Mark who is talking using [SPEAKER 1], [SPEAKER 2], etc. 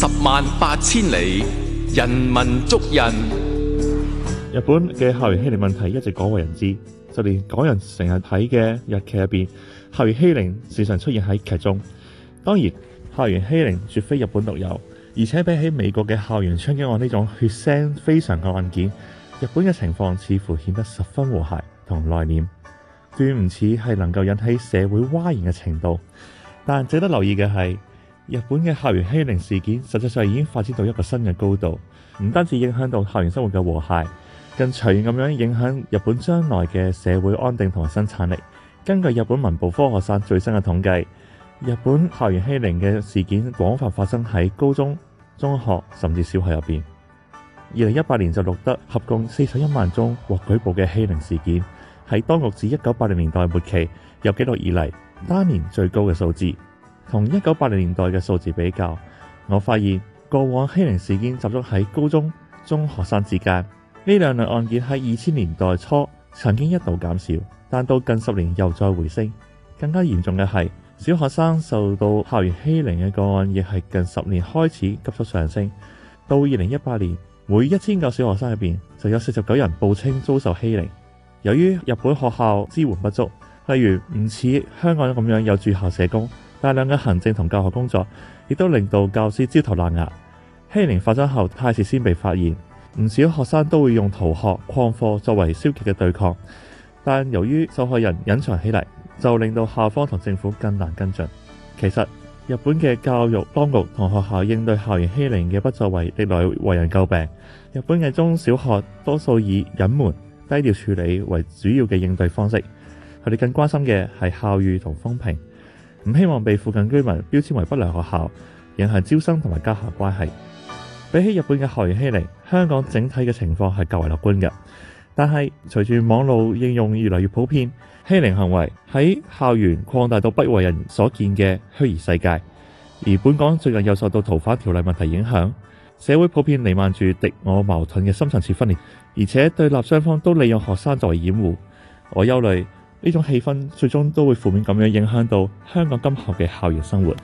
[SPEAKER 1] 十萬八千里，人文足印。日本嘅校園欺凌問題一直廣為人知，就連港人成日睇嘅日劇入邊，校園欺凌時常出現喺劇中。當然，校園欺凌絕非日本獨有，而且比起美國嘅校園槍擊案呢種血腥非常嘅案件，日本嘅情況似乎顯得十分和諧同內斂，斷唔似係能夠引起社會嘩然嘅程度。但值得留意嘅係，日本嘅校園欺凌事件，實際上已經發展到一個新嘅高度，唔單止影響到校園生活嘅和諧，更長遠咁樣影響日本將來嘅社會安定同生產力。根據日本文部科學省最新嘅統計，日本校園欺凌嘅事件廣泛發生喺高中、中學甚至小學入邊。二零一八年就錄得合共四十一萬宗獲舉報嘅欺凌事件，喺當局自一九八零年代末期有記錄以嚟，單年最高嘅數字。同一九八零年代嘅數字比較，我發現過往欺凌事件集中喺高中中學生之間，呢兩類案件喺二千年代初曾經一度減少，但到近十年又再回升。更加嚴重嘅係小學生受到校園欺凌嘅個案，亦係近十年開始急速上升。到二零一八年，每一千個小學生入邊就有四十九人報稱遭受欺凌。由於日本學校支援不足，例如唔似香港咁樣有住校社工。大量嘅行政同教學工作，亦都令到教師焦頭爛額。 欺凌發生後，太遲先被發現，唔少學生都會用逃學、曠課作為消極嘅對抗。但由於受害人隱藏起嚟，就令到校方同政府更難跟進。其實，日本嘅教育當局同學校應對校園欺凌嘅不作為，歷來為人詬病。日本嘅中小學多數以隱瞞、低調處理為主要嘅應對方式，佢哋更關心嘅係校譽同風評。唔希望被附近居民標籤為不良學校，影響招生同埋家校關係。比起日本嘅校園欺凌，香港整體嘅情況係較為樂觀嘅。但係隨住網路應用越嚟越普遍，欺凌行為喺校園擴大到不為人所見嘅虛擬世界。而本港最近又受到逃犯條例問題影響，社會普遍彌漫住敵我矛盾嘅深層次分裂，而且對立雙方都利用學生作為掩護。我憂慮。呢種氣氛最終都會負面咁樣影響到香港今後嘅校園生活。